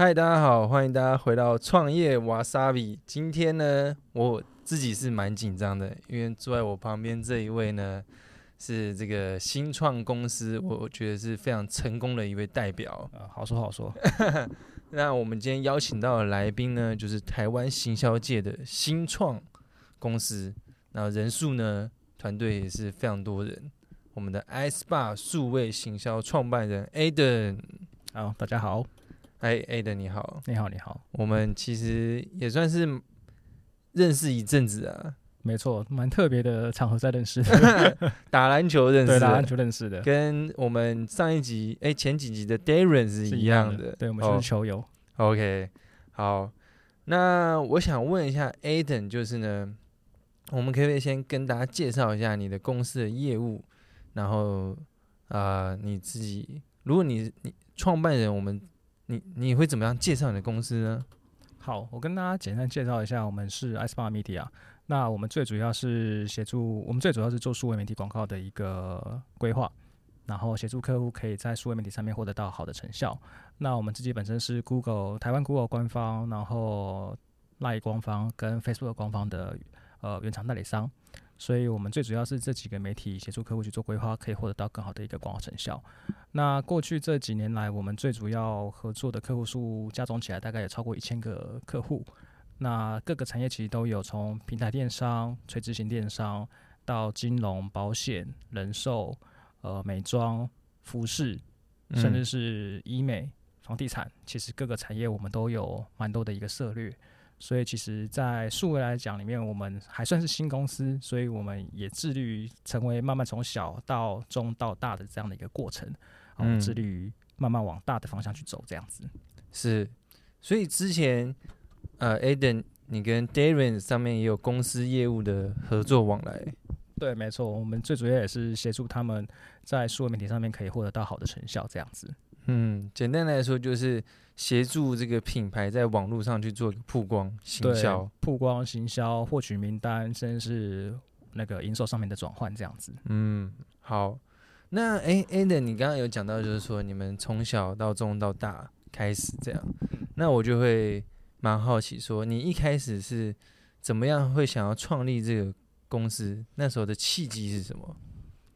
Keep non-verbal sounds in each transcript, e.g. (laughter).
嗨，大家好，歡迎大家回到創業哇沙米。今天呢，我自己是蠻緊張的，因為坐在我旁邊這一位呢，是這個新創公司，我覺得是非常成功的一位代表。啊，好說好說。 (laughs) 那我們今天邀請到的來賓呢，就是台灣行銷界的新創公司，那人數呢，團隊也是非常多人。我們的 iSPOT 數位行銷創辦人 Adam，好，大家好。哎、欸、Adam 你好，你好你好，我們其實也算是認識一陣子啊，沒錯，蠻特別的場合在認識， (laughs) 打籃球認識，對，打籃球認識的，跟我們上一集哎、欸、前幾集的 Darren 是，是一樣的，對我們是球友、oh，OK，好，那我想問一下 Adam，就是呢，我們可不可以先跟大家介紹一下你的公司的業務，然後啊、呃、你自己，如果你你創辦人，我們。你你會怎麼樣介紹你的公司呢？好，我跟大家簡單介紹一下，我們是 iSPOT Media。那我們最主要是協助，我們最主要是做數位媒體廣告的一個規劃，然後協助客戶可以在數位媒體上面獲得到好的成效。那我們自己本身是 Google、台灣 Google 官方，然後 Line 官方跟 Facebook 官方的呃原廠代理商。所以，我們最主要是這幾個媒體協助客戶去做規劃，可以獲得到更好的一個廣告成效。那過去這幾年來，我們最主要合作的客戶數加總起來，大概有超過一千個客戶。那各個產業其實都有，從平台電商、垂直型電商到金融、保險、人壽、呃美妝、服飾，甚至是醫美、房地產，其實各個產業我們都有蠻多的一個涉獵。所以其實，在數位來講裡面，我們還算是新公司，所以我們也致力於成為慢慢從小到中到大的這樣的一個過程，我們致力於慢慢往大的方向去走，這樣子，嗯。是，所以之前呃，Aden，你跟 Darren 上面也有公司業務的合作往來。對，沒錯，我們最主要也是協助他們在數位媒體上面可以獲得到好的成效，這樣子。嗯，簡單來說就是協助這個品牌在網絡上去做一個曝光行、行銷、曝光行、行銷、獲取名單，甚至是那個營收上面的轉換這樣子。嗯，好。那 A A n 你剛剛有講到，就是說你們從小到中到大開始這樣。那我就會蠻好奇說，說你一開始是怎麼樣會想要創立這個公司？那時候的契機是什麼？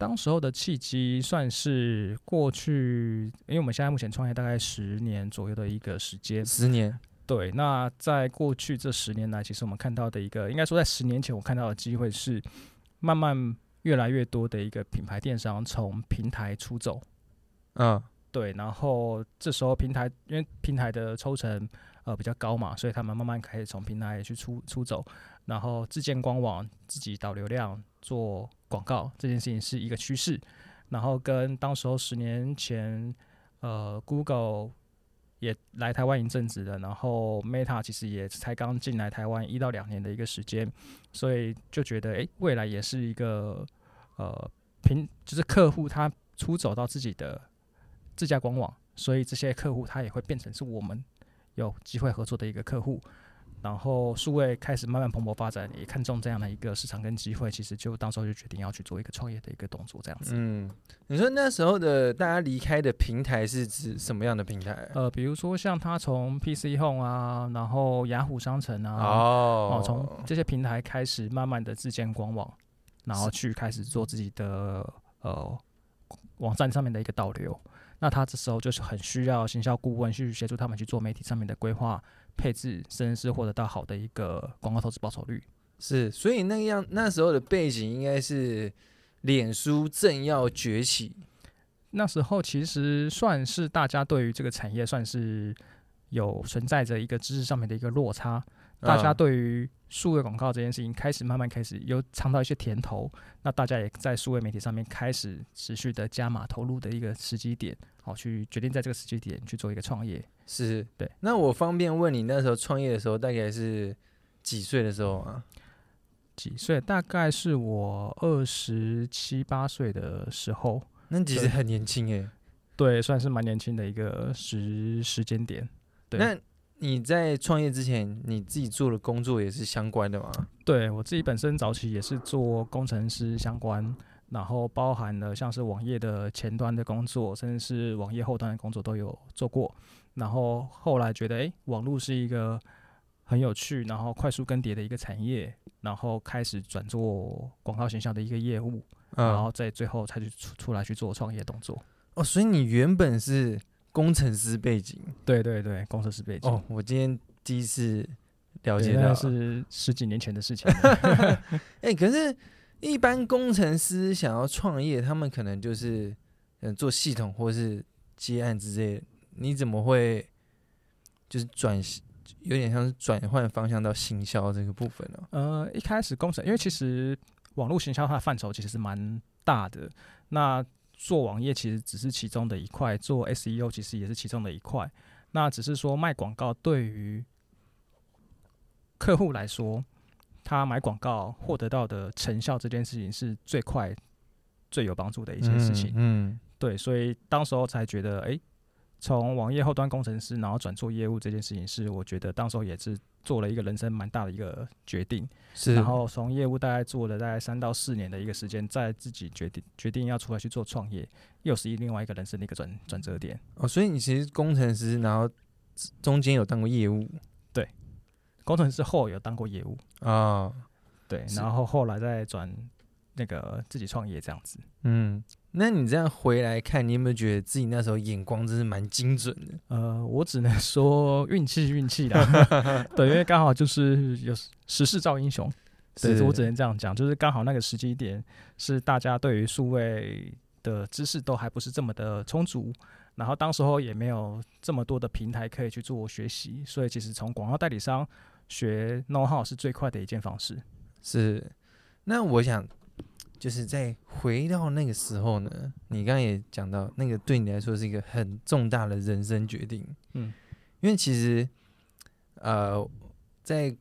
當時候的契機算是過去，因為我們現在目前創業大概十年左右的一個時間。十年，對。那在過去這十年來，其實我們看到的一個，應該說在十年前，我看到的機會是慢慢越來越多的一個品牌電商從平台出走。嗯，對。然後這時候平台，因為平台的抽成呃比較高嘛，所以他們慢慢開始從平台去出出走，然後自建官網，自己導流量做廣告這件事情是一個趨勢，然後跟當時候十年前，呃，Google 也來台灣一陣子了，然後 Meta 其實也才剛進來台灣一到兩年的一個時間，所以就覺得誒未來也是一個呃平，就是客戶他出走到自己的自家官網，所以這些客戶他也會變成是我們有機會合作的一個客戶。然後，數位開始慢慢蓬勃發展，也看中這樣的一個市場跟機會，其實就當時候就決定要去做一個創業的一個動作，這樣子。嗯，你說那時候的大家離開的平台是指什麼樣的平台？呃，比如說像他從 PC Home 啊，然後雅虎商城啊，哦，從、呃、這些平台開始慢慢的自建官網，然後去開始做自己的呃網站上面的一個導流。那他這時候就是很需要行銷顧問去協助他們去做媒體上面的規劃。配置，甚至是獲得到好的一個廣告投資報酬率。是，所以那樣那時候的背景應該是臉書正要崛起，那時候其實算是大家對於這個產業算是有存在着一個知識上面的一個落差。大家對於數位廣告這件事情開始慢慢開始有嚐到一些甜頭，那大家也在數位媒體上面開始持續的加碼投入的一個時機點，好去決定在這個時機點去做一個創業。是，對。那我方便問你，那時候創業的時候大概是幾歲的時候啊？嗯，幾歲？大概是我二十七八歲的時候。那其實很年輕哎、欸。對，算是蠻年輕的一個時時間點。對。那。你在創業之前，你自己做的工作也是相關的嗎？對我自己本身早期也是做工程師相關，然後包含了像是網頁的前端的工作，甚至是網頁後端的工作都有做過。然後後來覺得，誒、欸，網絡是一個很有趣，然後快速更迭的一個產業，然後開始轉做廣告行銷的一個業務、嗯，然後在最後才去出出來去做創業動作。哦，所以你原本是。工程師背景，對對對，工程師背景。哦，我今天第一次了解到了，那是十幾年前的事情了。哎、 (laughs) 欸，可是，一般工程師想要創業，他們可能就是嗯、呃、做系統或是接案之類。你怎麼會就是轉，有點像是轉換方向到行銷這個部分呢、啊？嗯、呃，一開始工程，因為其實網絡行銷它的範疇其實是蠻大的。那做網頁其實只是其中的一塊，做 SEO 其實也是其中的一塊。那只是說賣廣告對於客戶來說，他買廣告獲得到的成效這件事情是最快、最有幫助的一件事情。嗯嗯。對，所以當時候才覺得，哎、欸。從網頁後端工程師，然後轉做業務這件事情，是我覺得當時候也是做了一個人生蠻大的一個決定。是。然後從業務大概做了大概三到四年的一個時間，再自己決定決定要出來去做創業，又是另外一個人生的一個轉轉折點。哦，所以你其實工程師，然後中間有當過業務，對，工程師後有當過業務啊、哦，對，然後後來再轉那個自己創業這樣子，嗯。那你這樣回來看，你有沒有覺得自己那時候眼光真是蠻精準的？呃，我只能說運氣，運氣啦。 (laughs) 對，因為剛好就是有時勢造英雄，對，所以我只能這樣講，就是剛好那個時機點是大家對於數位的知識都還不是這麼的充足，然後當時候也沒有這麼多的平台可以去做學習，所以其實從廣告代理商學 know-how 是最快的一件方式是。那我想。就是在回到那個時候呢，你剛剛也講到那個對你來說是一個很重大的人生決定，嗯，因為其實，呃，在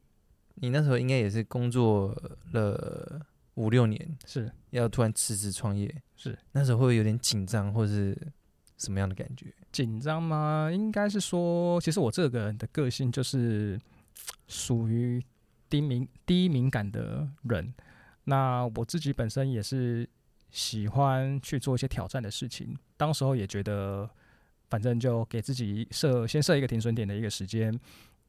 你那時候應該也是工作了五六年，是要突然辭職創業，是那時候會有點緊張或者是什麼樣的感覺？緊張嗎？應該是說，其實我這個人的個性就是屬於低敏低敏感的人。那我自己本身也是喜歡去做一些挑戰的事情，當時候也覺得反正就給自己設先設一個停損點的一個時間，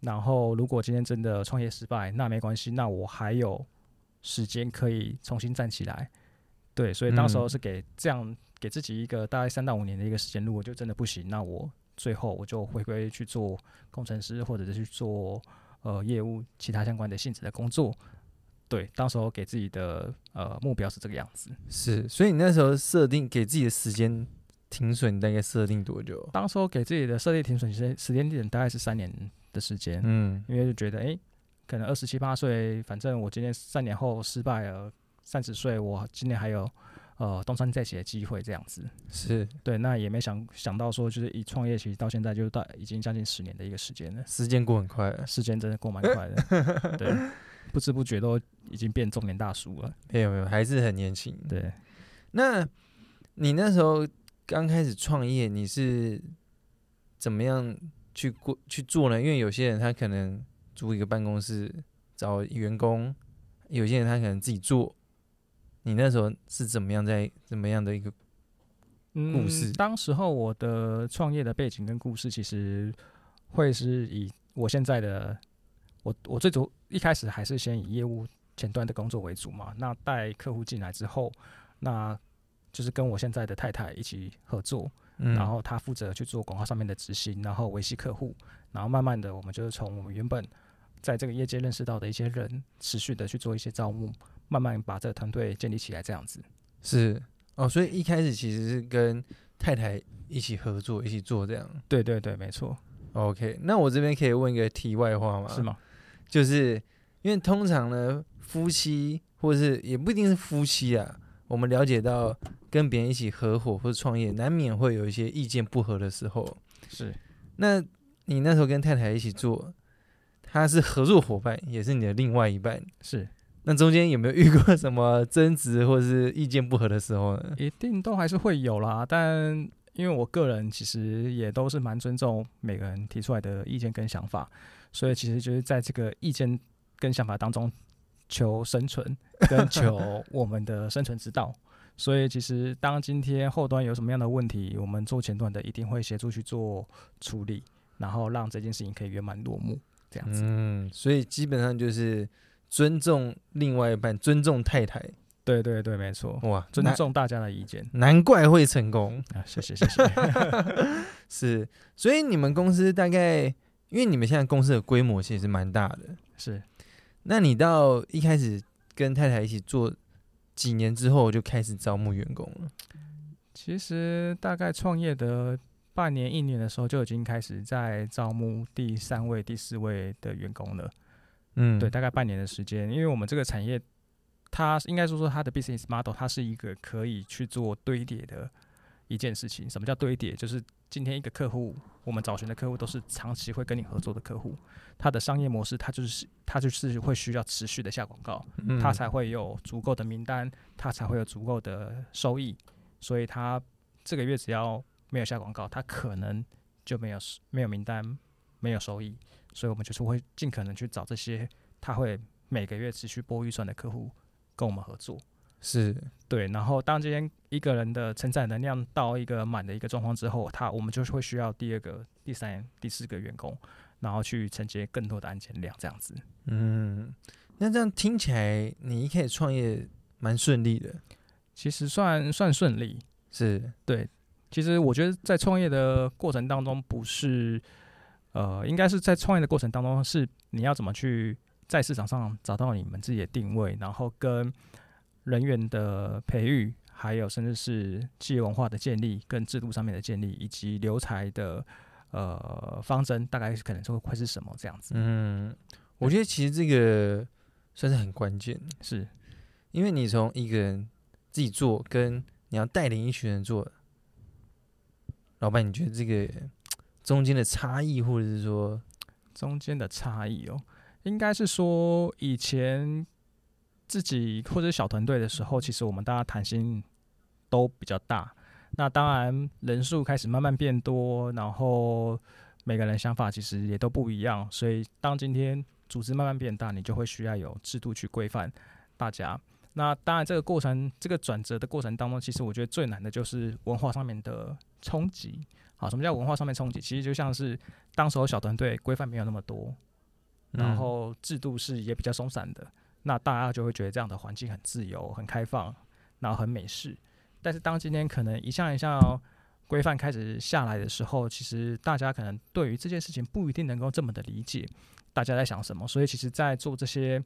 然後如果今天真的創業失敗，那沒關係，那我還有時間可以重新站起來。對，所以當時候是給這樣給自己一個大概三到五年的一個時間，如果就真的不行，那我最後我就回歸去做工程師，或者是去做呃業務其他相關的性質的工作。對，當時候給自己的呃目標是這個樣子。是，所以你那時候設定給自己的時間停損，大概設定多久？當時候給自己的設定停損時間時間點大概是三年的時間。嗯，因為就覺得，哎、欸，可能二十七八歲，反正我今年三年後失敗了，三十歲我今年還有呃東山再起的機會這樣子。是對，那也沒想想到說，就是一創業其實到現在就到已經將近十年的一個時間了。時間過很快，時間真的過蠻快的。欸、對。 (laughs) 不知不覺都已經變中年大叔了。沒有沒有，還是很年輕。對，那你那時候剛開始創業，你是怎麼樣去過去做呢？因為有些人他可能租一個辦公室找員工，有些人他可能自己做。你那時候是怎麼樣在怎麼樣的一個故事？嗯，當時候我的創業的背景跟故事，其實會是以我現在的。我我最初一開始還是先以業務前端的工作為主嘛，那帶客戶進來之後，那就是跟我現在的太太一起合作，嗯，然後他負責去做廣告上面的執行，然後維繫客戶，然後慢慢的我們就是從我們原本在這個業界認識到的一些人，持續的去做一些招募，慢慢把這個團隊建立起來，這樣子。是，哦，所以一開始其實是跟太太一起合作，一起做這樣，對對對，沒錯，OK，那我這邊可以問一個題外話嗎？是嗎？就是因為通常呢，夫妻或者是也不一定是夫妻啊，我們了解到跟別人一起合夥或者創業，難免會有一些意見不合的時候。是，那你那時候跟太太一起做，她是合作夥伴，也是你的另外一半。是，那中間有沒有遇過什麼爭執或是意見不合的時候呢？一定都還是會有啦，但因為我個人其實也都是蠻尊重每個人提出來的意見跟想法。所以其實就是在這個意見跟想法當中求生存，跟求我們的生存之道。所以其實當今天後端有什麼樣的問題，我們做前端的一定會協助去做處理，然後讓這件事情可以圓滿落幕。這樣子，嗯，所以基本上就是尊重另外一半，尊重太太。對對對，沒錯。哇，尊重大家的意見，難怪會成功啊！謝謝謝謝。 (laughs) (laughs) 是，所以你們公司大概。因為你們現在公司的規模其實是蠻大的，是。那你到一開始跟太太一起做幾年之後，就開始招募員工了？其實大概創業的半年、一年的時候，就已經開始在招募第三位、第四位的員工了。嗯，對，大概半年的時間，因為我們這個產業，它應該說說它的 business model，它是一個可以去做堆疊的一件事情。什麼叫堆疊？就是。今天一個客戶，我們找尋的客戶都是長期會跟你合作的客戶。他的商業模式，他就是他就是會需要持續的下廣告，嗯，他才會有足夠的名單，他才會有足夠的收益。所以他這個月只要沒有下廣告，他可能就沒有沒有名單，沒有收益。所以我們就是會盡可能去找這些他會每個月持續撥預算的客戶跟我們合作。是對，然後當這邊一個人的承載能量到一個滿的一個狀況之後，他我們就會需要第二個、第三、第四個員工，然後去承接更多的案件量，這樣子。嗯，那這樣聽起來，你一開始創業蠻順利的。其實算算順利。是對，其實我覺得在創業的過程當中，不是，呃，應該是在創業的過程當中，是你要怎麼去在市場上找到你們自己的定位，然後跟。人員的培育，還有甚至是企業文化的建立跟制度上面的建立，以及留才的呃方針，大概是可能會會是什麼這樣子？嗯，我覺得其實這個算是很關鍵，是因為你從一個人自己做，跟你要帶領一群人做，老闆，你覺得這個中間的差異，或者是說中間的差異哦，應該是說以前。自己或者小團隊的時候，其實我們大家談心都比較大。那當然人數開始慢慢變多，然後每個人想法其實也都不一樣。所以當今天組織慢慢變大，你就會需要有制度去規範大家。那當然這個過程，這個轉折的過程當中，其實我覺得最難的就是文化上面的衝擊。好，什麼叫文化上面衝擊？其實就像是當時候小團隊規範沒有那麼多，然後制度是也比較鬆散的。嗯那大家就會覺得這樣的環境很自由、很開放，然後很美式。但是當今天可能一項一項規範開始下來的時候，其實大家可能對於這件事情不一定能夠這麼的理解。大家在想什麼？所以其實，在做這些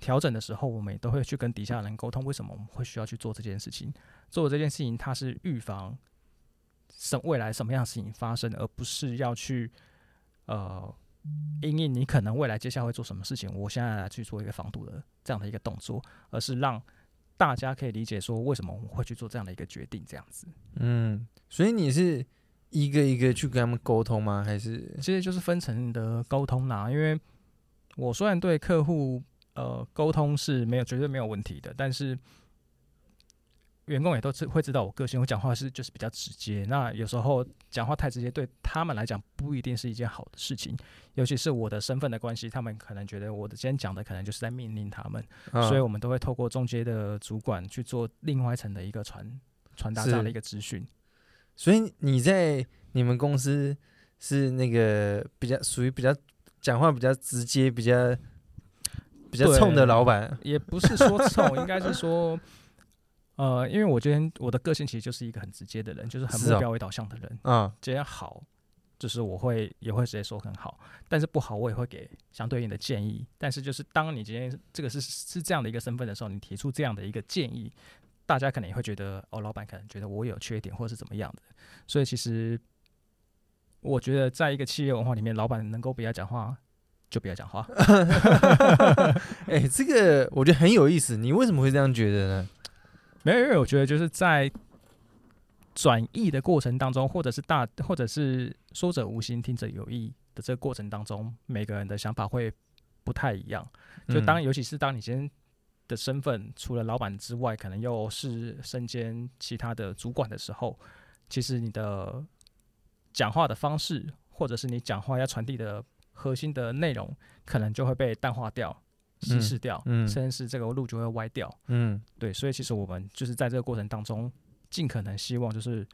調整的時候，我們也都會去跟底下的人溝通，為什麼我們會需要去做這件事情？做這件事情，它是預防什麼未來什麼樣的事情發生，而不是要去呃。因為你可能未來接下來會做什麼事情，我現在來去做一個防堵的這樣的一個動作，而是讓大家可以理解說為什麼我們會去做這樣的一個決定，這樣子。嗯，所以你是一個一個去跟他們溝通嗎？還是其實就是分成的溝通啦啊？因為我雖然對客戶呃溝通是沒有絕對沒有問題的，但是。員工也都是會知道我個性，我講話是就是比較直接。那有時候講話太直接，對他們來講不一定是一件好的事情。尤其是我的身份的關係，他們可能覺得我的今天講的可能就是在命令他們。嗯、所以，我們都會透過中階的主管去做另外一層的一個傳傳達這樣的一個資訊。所以，你在你們公司是那個比較屬於比較講話比較直接、比較比較衝的老闆？也不是說衝， (laughs) 應該是說。呃，因為我今天我的個性其實就是一個很直接的人，就是很目標為導向的人。哦、嗯，今天好，就是我會也會直接說很好，但是不好我也會給相對應的建議。但是就是當你今天這個是是這樣的一個身份的時候，你提出這樣的一個建議，大家可能也會覺得，哦，老闆可能覺得我有缺點或者是怎麼樣的。所以其實我覺得，在一個企業文化裡面，老闆能夠不要講話就不要講話。哎、 (laughs) (laughs) 欸，這個我覺得很有意思，你為什麼會這樣覺得呢？沒有，因為我覺得就是在轉譯的過程當中，或者是大，或者是“說者無心，聽者有意”的這個過程當中，每個人的想法會不太一樣。就當尤其是當你今天的身份除了老板之外，可能又是身兼其他的主管的時候，其實你的講話的方式，或者是你講話要傳遞的核心的內容，可能就會被淡化掉。稀釋掉、嗯嗯，甚至是這個路就會歪掉。嗯，對，所以其實我們就是在這個過程當中，盡可能希望就是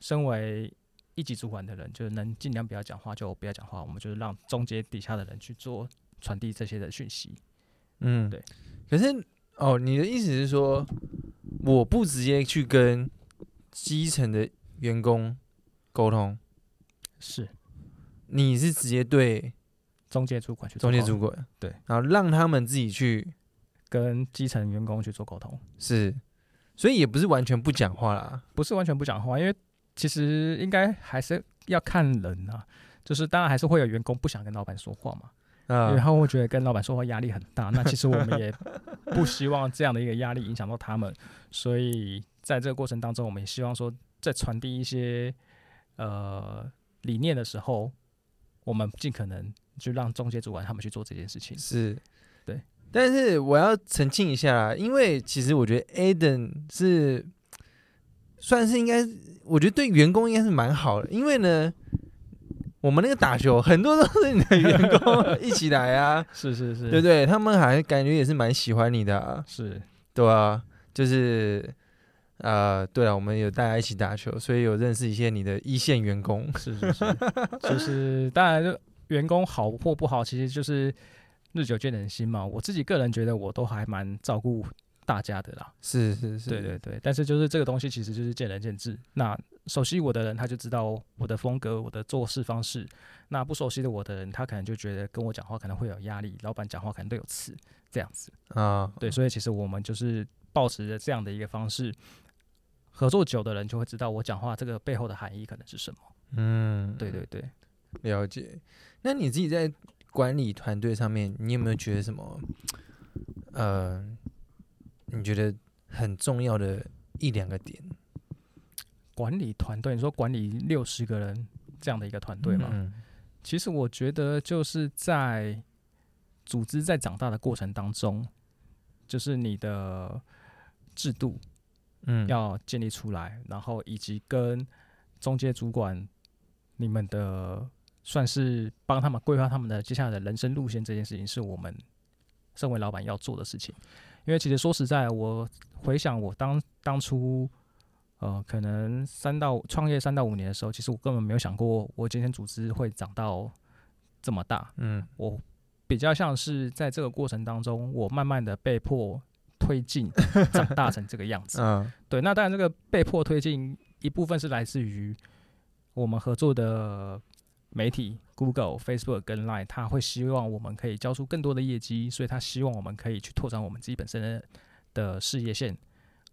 身為一級主管的人，就能盡量不要講話，就不要講話，我們就是讓中間底下的人去做傳遞這些的訊息。嗯，對。可是哦，你的意思是說，我不直接去跟基層的員工溝通，是你是直接對？中介主管去，中介主管對，然後讓他們自己去跟基層員工去做溝通，是，所以也不是完全不講話啦，不是完全不講話，因為其實應該還是要看人啊，就是當然還是會有員工不想跟老闆說話嘛，啊，因為他會覺得跟老闆說話壓力很大，那其實我們也不希望這樣的一個壓力影響到他們， (laughs) 所以在這個過程當中，我們也希望說在傳遞一些呃理念的時候，我們盡可能。就讓中介主管他們去做這件事情，是對。但是我要澄清一下啦，因為其實我覺得 Adam 是算是應該，我覺得對員工應該是蠻好的。因為呢，我們那個打球很多都是你的員工 (laughs) 一起來啊， (laughs) 是是是，對對，他們好像感覺也是蠻喜歡你的，啊，是對啊，就是啊，呃，對啊，我們有大家一起打球，所以有認識一些你的一線員工，是是是，就 (laughs) 是大家就。員工好或不好，其實就是日久見人心嘛。我自己個人覺得，我都還蠻照顧大家的啦。是是是，對對對。但是就是這個東西，其實就是見仁見智。那熟悉我的人，他就知道我的風格、嗯、我的做事方式。那不熟悉的我的人，他可能就覺得跟我講話可能會有壓力。老闆講話可能都有刺，這樣子啊、哦。對，所以其實我們就是保持着這樣的一個方式。合作久的人就會知道我講話這個背後的含義可能是什麼。嗯，對對對。了解，那你自己在管理團隊上面，你有沒有覺得什麼？呃，你覺得很重要的一兩個點？管理團隊，你說管理六十個人這樣的一個團隊嘛？其實我覺得就是在組織在長大的過程當中，就是你的制度，嗯，要建立出來、嗯，然後以及跟中階主管你們的。算是幫他們規劃他們的接下來的人生路線，這件事情是我們身為老闆要做的事情。因為其實說實在，我回想我當當初，呃，可能三到創業三到五年的時候，其實我根本沒有想過我今天組織會長到這麼大。嗯，我比較像是在這個過程當中，我慢慢的被迫推進，長大成這個樣子。 (laughs) 嗯、對。那當然，這個被迫推進一部分是來自於我們合作的。媒體、Google、Facebook 跟 Line，他會希望我們可以交出更多的業績，所以他希望我們可以去拓展，我們自己本身的的事業線，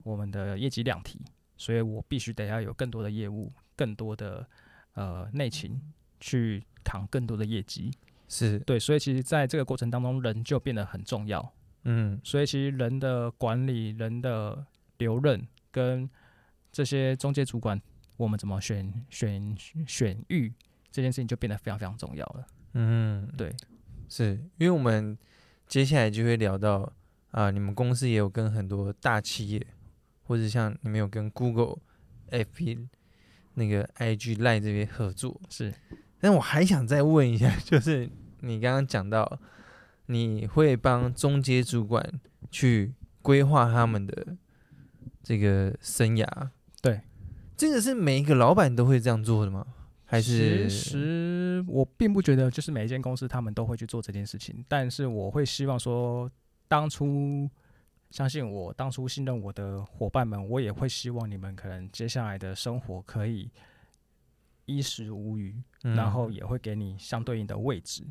我們的業績量體，所以我必須得要有更多的業務，更多的呃內勤去扛更多的業績，是對，所以其實在這個過程當中，人就變得很重要，嗯，所以其實人的管理、人的留任跟這些中階主管，我們怎麼選、選、選育、選這件事情就變得非常非常重要了。嗯，對，是因為我們接下來就會聊到啊、呃，你們公司也有跟很多大企業，或者像你們有跟 Google、FB 那個 IG、Line 這邊合作是。但我還想再問一下，就是你剛剛講到，你會幫中階主管去規劃他們的這個生涯，對，這個是每一個老闆都會這樣做的嗎？還是其實我並不覺得，就是每一間公司他們都會去做這件事情。但是我會希望說，當初相信我，當初信任我的夥伴們，我也會希望你們可能接下來的生活可以衣食無虞、嗯，然後也會給你相對應的位置。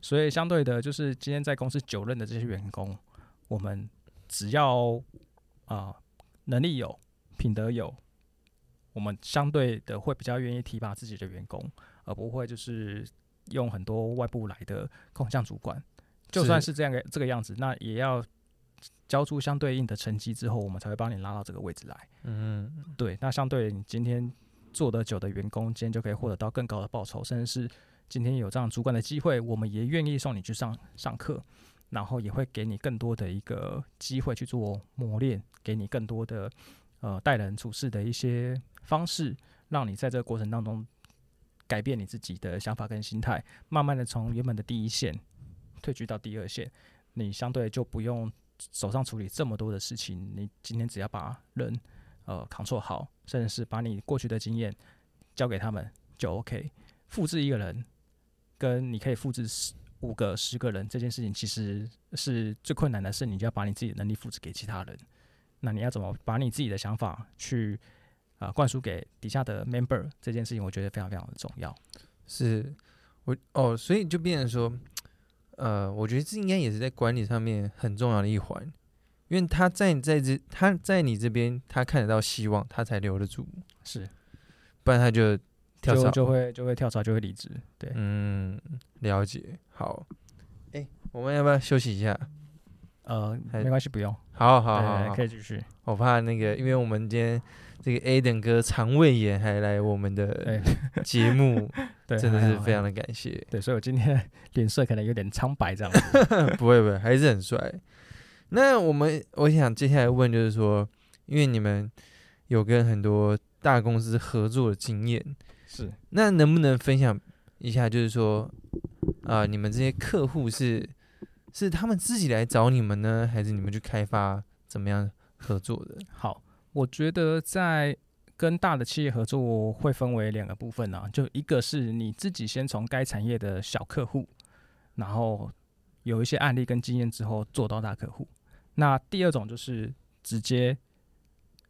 所以相對的，就是今天在公司久任的這些員工，我們只要啊、呃、能力有，品德有。我們相對的會比較願意提拔自己的員工，而不會就是用很多外部來的空降主管。就算是這樣個這個樣子，那也要交出相對應的成績之後，我們才會幫你拉到這個位置來。嗯，對。那相對於你今天做得久的員工，今天就可以獲得到更高的報酬，甚至是今天有這樣主管的機會，我們也願意送你去上上課，然後也會給你更多的一個機會去做磨練，給你更多的呃待人處事的一些。方式讓你在這個過程當中改變你自己的想法跟心態，慢慢的從原本的第一線退居到第二線，你相對就不用手上處理這麼多的事情。你今天只要把人呃 control 好，甚至是把你過去的經驗交給他們就 OK。複製一個人跟你可以複製五個、十個人這件事情，其實是最困難的事。你就要把你自己的能力複製給其他人。那你要怎麼把你自己的想法去？啊，灌輸給底下的 member 這件事情，我覺得非常非常的重要。是我哦，所以就變成說，呃，我覺得這應該也是在管理上面很重要的一環，因為他在你在這，他在你這邊，他看得到希望，他才留得住，是，不然他就跳槽就，就會就會跳槽，就會離職。對，嗯，了解。好，哎、欸，我們要不要休息一下？呃，沒關係，不用。好好好，好，好對對對，可以繼續。我怕那個，因為我們今天。這個 Adam 哥腸胃炎還來我們的節目，欸、真的是非常的感謝。對，欸、對，所以我今天臉色可能有點蒼白，這樣 (laughs) 不會不會，還是很帥。那我們我想接下來問，就是說，因為你們有跟很多大公司合作的經驗，是，那能不能分享一下？就是說，啊、呃，你們這些客戶是是他們自己來找你們呢，還是你們去開發？怎麼樣合作的？好。我覺得在跟大的企業合作會分為兩個部分呢，啊，就一個是你自己先從該產業的小客戶，然後有一些案例跟經驗之後做到大客戶，那第二種就是直接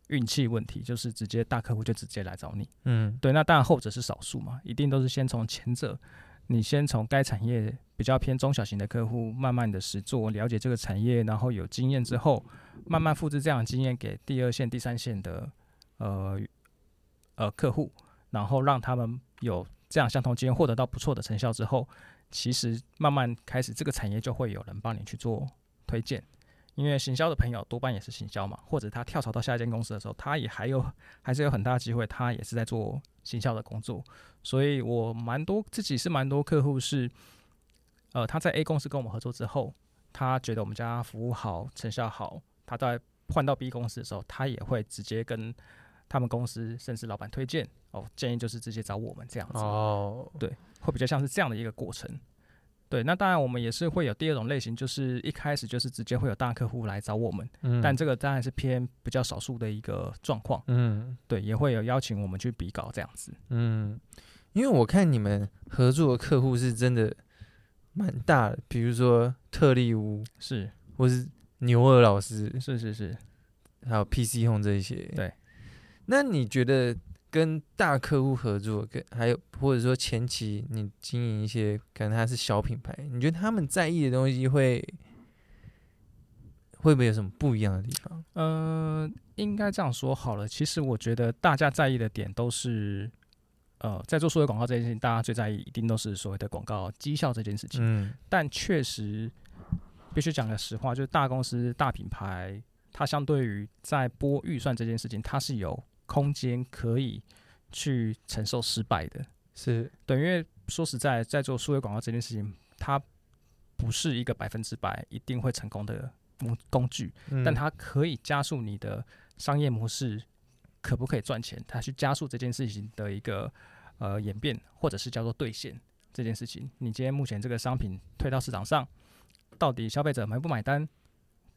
運氣問題，就是直接大客戶就直接來找你，嗯，對，那當然後者是少數嘛，一定都是先從前者。你先從該產業比較偏中小型的客戶慢慢的實做，了解這個產業，然後有經驗之後，慢慢複製這樣經驗給第二線、第三線的呃呃客戶，然後讓他們有這樣相同經驗獲得到不錯的成效之後，其實慢慢開始這個產業就會有人幫你去做推薦。因為行銷的朋友多半也是行銷嘛，或者他跳槽到下一間公司的時候，他也還有還是有很大機會，他也是在做行銷的工作。所以，我蠻多自己是蠻多客戶是，呃，他在 A 公司跟我們合作之後，他覺得我們家服務好、成效好，他在換到 B 公司的時候，他也會直接跟他們公司甚至老闆推薦哦，建議就是直接找我們這樣子哦，對，會比較像是這樣的一個過程。對，那當然我們也是會有第二種類型，就是一開始就是直接會有大客戶來找我們，嗯，但這個當然是偏比較少數的一個狀況，嗯，對，也會有邀請我們去比稿這樣子，嗯，因為我看你們合作的客戶是真的蠻大的，比如說特力屋是，或是牛爾老師，是是是，還有 PChome 這一些，對，那你覺得？跟大客戶合作，跟還有或者說前期你經營一些可能還是小品牌，你覺得他們在意的東西會會不會有什麼不一樣的地方？呃，應該這樣說好了。其實我覺得大家在意的點都是，呃，在做數字廣告這件事情，大家最在意一定都是所謂的廣告績效這件事情。嗯，但確實必須講個實話，就是大公司大品牌，它相對於在撥預算這件事情，它是有。空間可以去承受失敗的，是對，因為說實在，在做數位廣告這件事情，它不是一個百分之百一定會成功的工工具，嗯，但它可以加速你的商業模式可不可以賺錢，它去加速這件事情的一個呃演變，或者是叫做兌現這件事情。你今天目前這個商品推到市場上，到底消費者買不買單？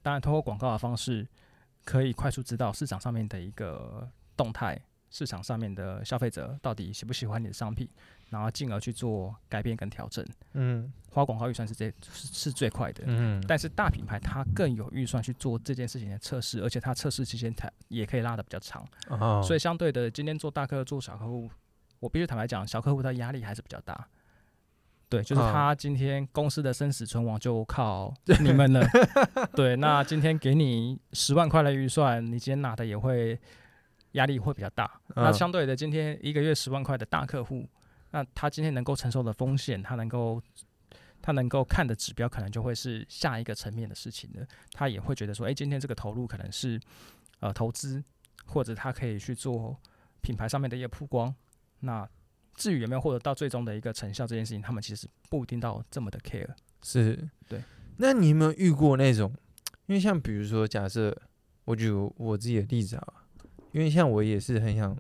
當然，通過廣告的方式可以快速知道市場上面的一個。動態市場上面的消費者到底喜不喜歡你的商品，然後進而去做改變跟調整。嗯，花廣告預算是這是，是最快的。嗯，但是大品牌它更有預算去做這件事情的測試，而且它測試期間它也可以拉得比較長。哦，所以相對的，今天做大客做小客戶，我必須坦白講，小客戶他壓力還是比較大。對，就是他今天公司的生死存亡就靠你們了。對，對對，那今天給你十萬塊的預算，你今天拿的也會，壓力會比較大。那相對的，今天一個月十萬塊的大客戶，嗯，那他今天能夠承受的風險，他能夠他能夠看的指標，可能就會是下一個層面的事情了。他也會覺得說，誒、欸，今天這個投入可能是呃投資，或者他可以去做品牌上面的一些曝光。那至於有沒有獲得到最終的一個成效，這件事情，他們其實不一定到這麼的 care。是，對。那你有沒有遇過那種？因為像比如說假，假設我舉我自己的例子啊。因為像我也是很想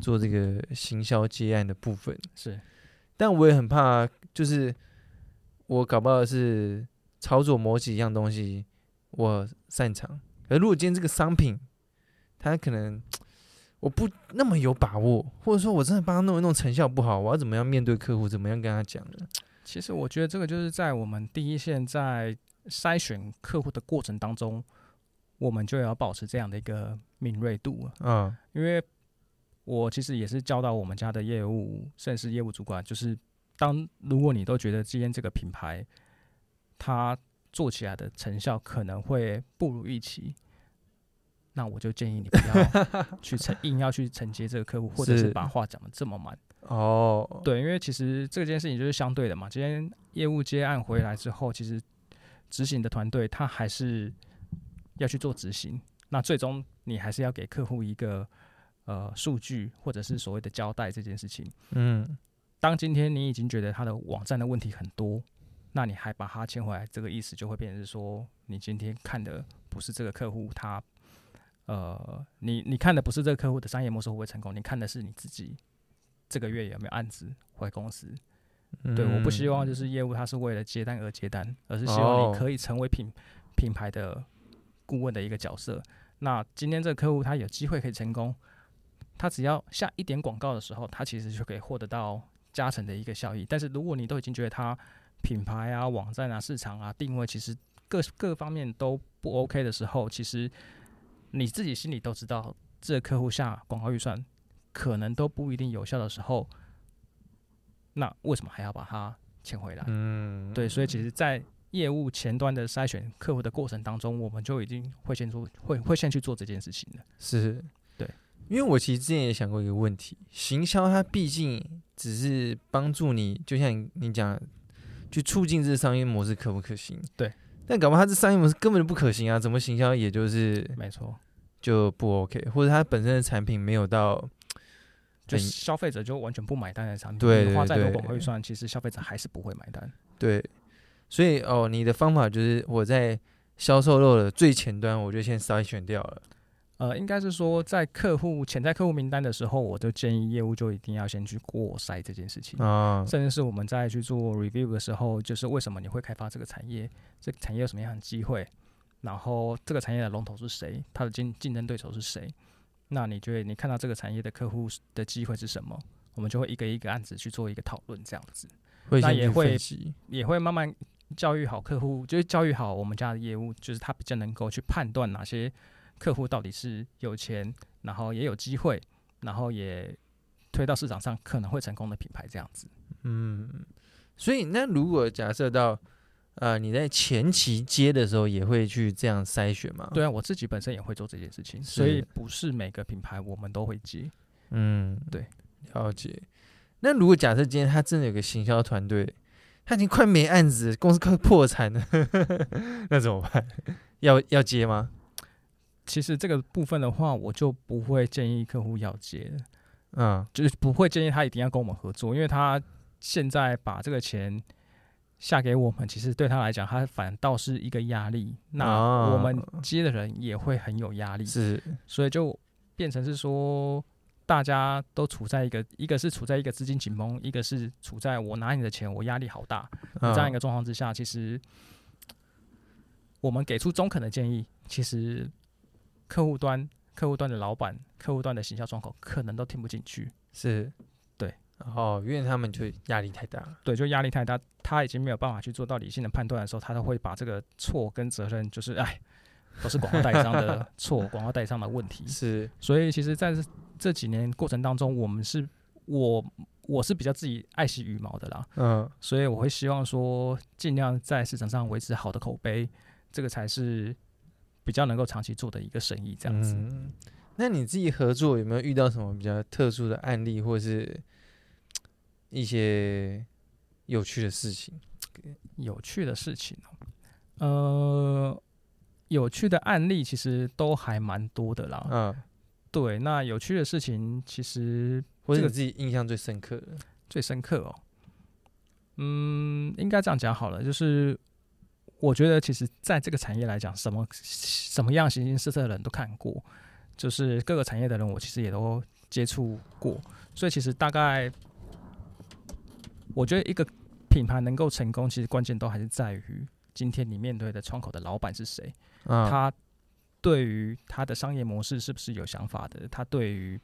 做這個行銷接案的部分，是，但我也很怕，就是我搞不好是操作某幾樣一樣東西，我擅長，而如果今天這個商品，它可能我不那麼有把握，或者說我真的幫他弄一弄成效不好，我要怎麼樣面對客戶，怎麼樣跟他講呢？其實我覺得這個就是在我們第一線在篩選客戶的過程當中，我們就要保持這樣的一個敏銳度，嗯，因為我其實也是教導我們家的業務，甚至是業務主管，就是當如果你都覺得今天這個品牌它做起來的成效可能會不如預期，那我就建議你不要去承，硬要去承接這個客戶，或者是把話講得這麼滿哦。對，因為其實這件事情就是相對的嘛。今天業務接案回來之後，其實執行的團隊他還是。要去做執行，那最終你還是要給客戶一個呃數據或者是所謂的交代這件事情。嗯，當今天你已經覺得他的網站的問題很多，那你還把他簽回來，這個意思就會變成是說，你今天看的不是這個客戶，他呃，你你看的不是這個客戶的商業模式會不會成功，你看的是你自己這個月有沒有案子回公司，嗯。對，我不希望就是業務他是為了接單而接單，而是希望你可以成為品，哦、品牌的。顧問的一個角色，那今天這個客戶他有機會可以成功，他只要下一點廣告的時候，他其實就可以獲得到加成的一個效益。但是如果你都已經覺得他品牌啊、網站啊、市場啊、定位其實各各方面都不 OK 的時候，其實你自己心裡都知道，這個客戶下廣告預算可能都不一定有效的時候，那為什麼還要把他請回來？嗯，對，所以其實，在業務前端的篩選客戶的過程當中，我們就已經會先做，會會先去做這件事情了。是，是，對，因為我其實之前也想過一個問題，行銷它畢竟只是幫助你，就像你講，去促進這商業模式可不可行？對。但搞不好他這商業模式根本就不可行啊，怎麼行銷也就是沒錯，就不 OK，或者他本身的產品沒有到，就是、消費者就完全不買單的產品，的話，花再多的預算，其實消費者還是不會買單。對。所以哦，你的方法就是我在銷售漏的最前端，我就先篩選掉了。呃，應該是說在客戶潛在客戶名單的時候，我就建議業務就一定要先去過篩這件事情啊。甚至是我們在去做 review 的時候，就是為什麼你會開發這個產業？這個產業有什麼樣的機會？然後這個產業的龍頭是誰？它的競競爭對手是誰？那你覺得你看到這個產業的客戶的機會是什麼？我們就會一個一個案子去做一個討論這樣子。那也會也會慢慢。教育好客戶，就是教育好我們家的業務，就是他比較能夠去判斷哪些客戶到底是有錢，然後也有機會，然後也推到市場上可能會成功的品牌這樣子。嗯，所以那如果假設到，呃，你在前期接的時候也會去這樣篩選嗎？對啊，我自己本身也會做這件事情，所以不是每個品牌我們都會接。嗯，對，了解。那如果假設今天他真的有個行銷團隊，他已經快沒案子，公司快破產了， (laughs) 那怎麼辦？要要接嗎？其實這個部分的話，我就不會建議客戶要接。嗯，就是不會建議他一定要跟我們合作，因為他現在把這個錢下給我們，其實對他來講，他反倒是一個壓力。那我們接的人也會很有壓力，是，哦，所以就變成是說。大家都處在一個，一個是處在一個資金緊繃，一個是處在我拿你的錢，我壓力好大、嗯、這樣一個狀況之下，其實我們給出中肯的建議，其實客戶端、客戶端的老板、客戶端的行銷窗口可能都聽不進去，是對。然、哦、後因為他們就壓力太大了，對，就壓力太大，他已經沒有辦法去做到理性的判斷的時候，他都會把這個錯跟責任，就是哎，都是廣告代理商的錯，廣 (laughs) 告代理商的問題是。所以其實，在這幾年過程當中，我們是我我是比較自己愛惜羽毛的啦，嗯，所以我會希望說盡量在市場上維持好的口碑，這個才是比較能夠長期做的一個生意這樣子。嗯，那你自己合作有沒有遇到什麼比較特殊的案例，或者是一些有趣的事情？有趣的事情？呃，有趣的案例其實都還蠻多的啦，嗯。對，那有趣的事情其實，這個自己印象最深刻的，最深刻哦。嗯，應該這樣講好了，就是我覺得其實在這個產業來講，什麼什麼樣形形色色的人都看過，就是各個產業的人，我其實也都接觸過。所以其實大概，我覺得一個品牌能夠成功，其實關鍵都還是在於今天你面對的窗口的老闆是誰，啊、他。對於他的商業模式，是不是有想法的？他對於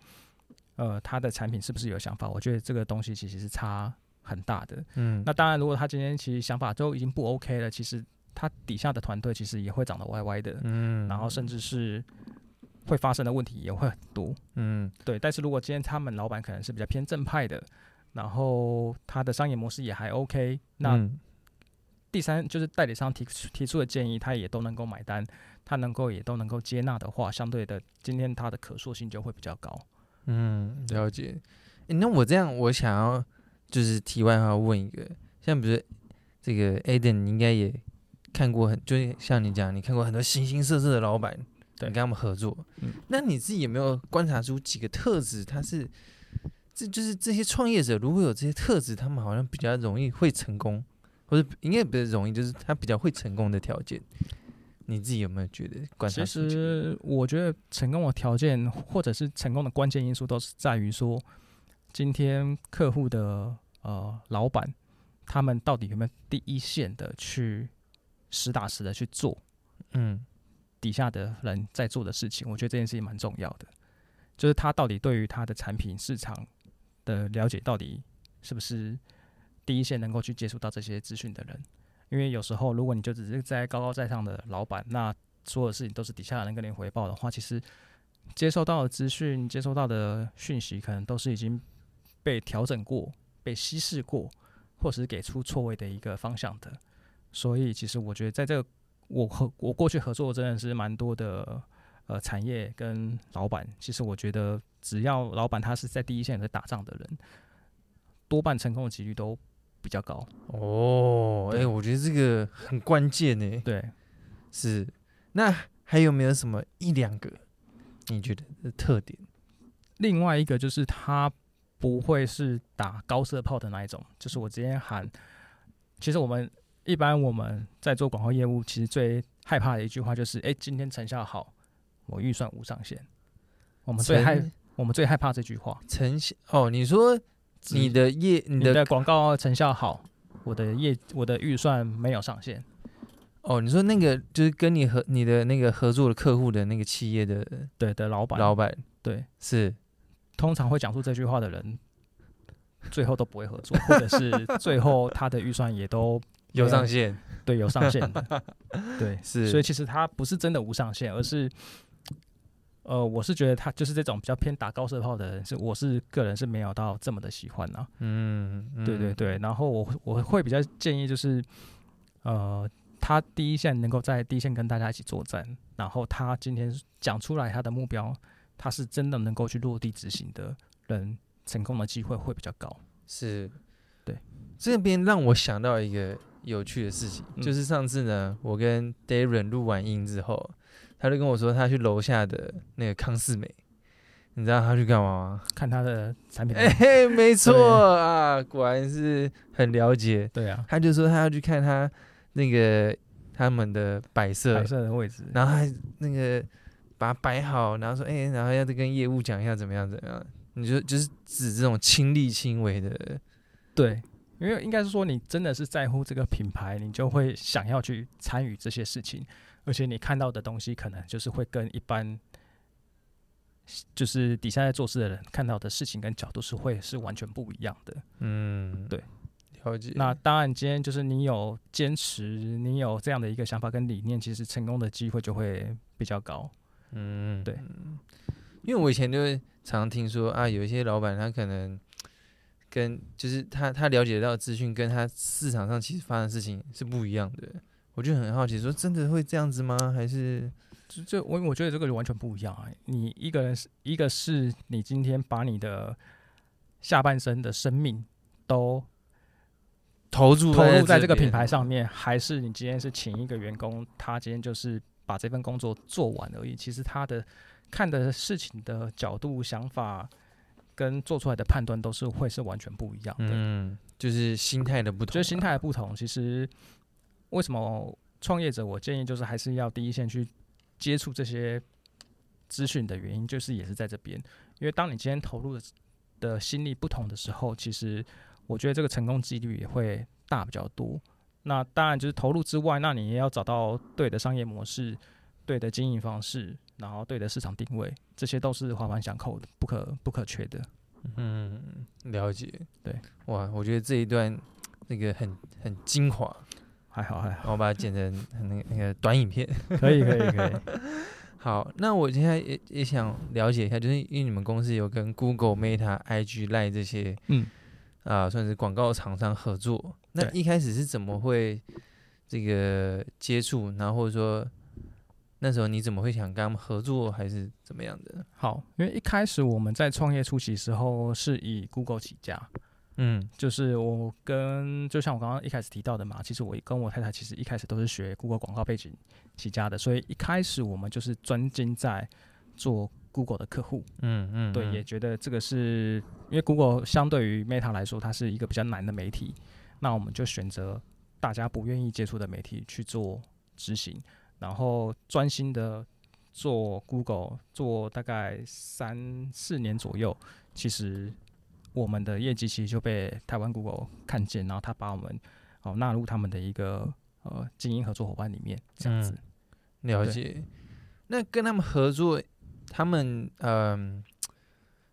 呃他的產品是不是有想法？我覺得這個東西其實是差很大的。嗯，那當然，如果他今天其實想法都已經不 OK 了，其實他底下的團隊其實也會長得歪歪的。嗯，然後甚至是會發生的問題也會很多。嗯，對。但是如果今天他們老板可能是比較偏正派的，然後他的商業模式也還 OK，那第三就是代理商提提出的建議，他也都能夠買單。他能夠也都能夠接納的話，相對的，今天他的可塑性就會比較高。嗯，了解。欸、那我這樣，我想要就是題外話問一個，像比如這個 Adam 你應該也看過很，就像你講，你看過很多形形色色的老闆，對、嗯，跟他們合作、嗯。那你自己有沒有觀察出幾個特質？他是，這就是這些創業者如果有這些特質，他們好像比較容易會成功，或者應該比較容易，就是他比較會成功的條件。你自己有沒有覺得觀察？其實我覺得成功的條件，或者是成功的關鍵因素，都是在於說，今天客戶的呃老闆，他們到底有沒有第一線的去實打實的去做？嗯，底下的人在做的事情，我覺得這件事情蠻重要的，就是他到底對於他的產品市場的了解，到底是不是第一線能夠去接觸到這些資訊的人。因為有時候，如果你就只是在高高在上的老闆，那所有事情都是底下人跟你回報的話，其實接收到的資訊、接收到的訊息，可能都是已經被調整過、被稀釋過，或者是給出錯位的一個方向的。所以其、這個呃，其實我覺得，在這個我和我過去合作，真的是蠻多的呃產業跟老闆。其實，我覺得只要老闆他是在第一線在打仗的人，多半成功的幾率都。比較高哦，哎、欸，我覺得這個很關鍵呢。對，是。那還有沒有什麼一兩個你覺得特點？另外一個就是他不會是打高射炮的那一種，就是我直接喊。其實我們一般我們在做廣告業務，其實最害怕的一句話就是：哎、欸，今天成效好，我預算無上限。我們最害，我們最害怕的這句話。成效哦，你說。你的業，你的廣告成效好，我的業，我的預算沒有上限。哦，你說那個就是跟你合，你的那個合作的客戶的那個企業的，對的老闆，老闆對是，通常會講出這句話的人，最後都不會合作， (laughs) 或者是最後他的預算也都有，有上限，對，有上限的， (laughs) 對，是，所以其實他不是真的無上限，而是。呃，我是覺得他就是這種比較偏打高射炮的人，是我是個人是沒有到這麼的喜歡啊。嗯，嗯對對對，然後我我會比較建議就是，呃，他第一線能夠在第一線跟大家一起作戰，然後他今天講出來他的目標，他是真的能夠去落地執行的人，成功的機會會比較高。是，對。這邊讓我想到一個有趣的事情，嗯。就是上次呢，我跟 Darren 錄完音之後。他就跟我說，他去樓下的那個康是美，你知道他去幹嘛嗎？看他的產品。哎、欸，沒錯啊，果然是很了解。對啊，他就說他要去看他那個他們的擺設，擺設的位置。然後還那個把它擺好，然後說，哎、欸，然後要跟業務講一下怎麼樣怎麼樣。你就就是指這種親力親為的，對，因為應該是說你真的是在乎這個品牌，你就會想要去參與這些事情。而且你看到的東西，可能就是會跟一般就是底下在做事的人看到的事情跟角度是會是完全不一樣的。嗯，對。了解。那當然，今天就是你有堅持，你有這樣的一個想法跟理念，其實成功的機會就會比較高。嗯，對。因為我以前就會常聽說啊，有一些老闆他可能跟就是他他了解到的資訊，跟他市場上其實發生的事情是不一樣的。我就很好奇，說真的會這樣子嗎？還是就，就我我覺得這個就完全不一樣啊，欸！你一個人是一個是你今天把你的下半生的生命都投入投入在這個品牌上面，還是你今天是請一個員工，他今天就是把這份工作做完而已？其實他的看的事情的角度、想法跟做出來的判斷都是會是完全不一樣的。嗯，就是心態的不同，啊。就是心態的不同，其實。為什麼創業者？我建議就是還是要第一線去接觸這些資訊的原因，就是也是在這邊。因為當你今天投入的的心力不同的時候，其實我覺得這個成功機率也會大比較多。那當然就是投入之外，那你也要找到對的商業模式、對的經營方式，然後對的市場定位，這些都是環環相扣的，不可不可缺的。嗯，了解。對，哇，我覺得這一段那個很很精華。還好還好，我把它剪成那個那個短影片， (laughs) 可以可以可以。 (laughs) 好，那我現在也也想了解一下，就是因為你們公司有跟 Google、Meta、IG、LINE 這些，嗯，啊，算是廣告廠商合作。嗯、那一開始是怎麼會這個接觸？然後或者說那時候你怎麼會想跟他們合作，還是怎麼樣的？好，因為一開始我們在創業初期時候是以 Google 起家。嗯，就是我跟就像我剛剛一開始提到的嘛，其實我跟我太太其實一開始都是學 Google 廣告背景起家的，所以一開始我們就是專精在做 Google 的客戶。嗯嗯嗯，對，也覺得這個是因為 Google 相對於 Meta 來說，它是一個比較難的媒體，那我們就選擇大家不願意接觸的媒體去做執行，然後專心的做 Google，做大概三四年左右，其實。我們的業績其實就被台灣 Google 看見，然後他把我們哦、呃、納入他們的一個呃精英合作夥伴裡面，這樣子、嗯、了解，對對。那跟他們合作，他們嗯、呃，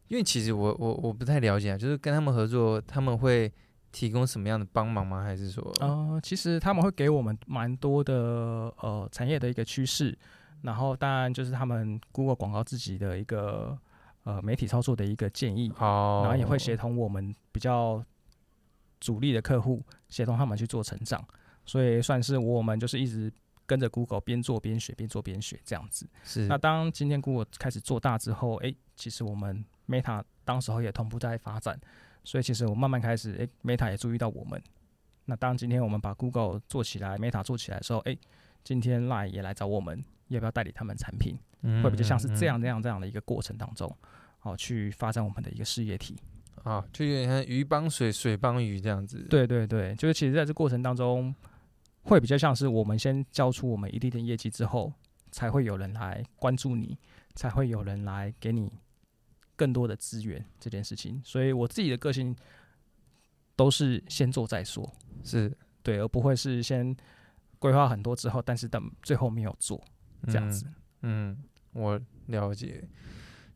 因為其實我我我不太了解，就是跟他們合作，他們會提供什麼樣的幫忙嗎？還是說，哦、呃，其實他們會給我們蠻多的呃產業的一個趨勢，然後當然就是他們 Google 廣告自己的一個。呃，媒體操作的一個建議，oh. 然後也會協同我們比較主力的客戶，協同他們去做成長，所以算是我們就是一直跟着 Google 邊做邊學，邊做邊學這樣子。是。那當今天 Google 開始做大之後，誒，其實我們 Meta 當時候也同步在發展，所以其實我慢慢開始，誒，Meta 也注意到我們。那當今天我們把 Google 做起來，Meta 做起來的時候，哎，今天 LINE 也來找我們。要不要代理他們產品？嗯、會比較像是這樣、這樣、這樣的一個過程當中，好、嗯哦、去發展我們的一個事業體啊，就有點像魚幫水，水幫魚這樣子。對對對，就是其實在這過程當中，會比較像是我們先交出我們一定的業績之後，才會有人來關注你，才會有人來給你更多的資源這件事情。所以我自己的個性都是先做再說，是對，而不會是先規劃很多之後，但是等最後沒有做。這樣子。嗯，嗯，我了解。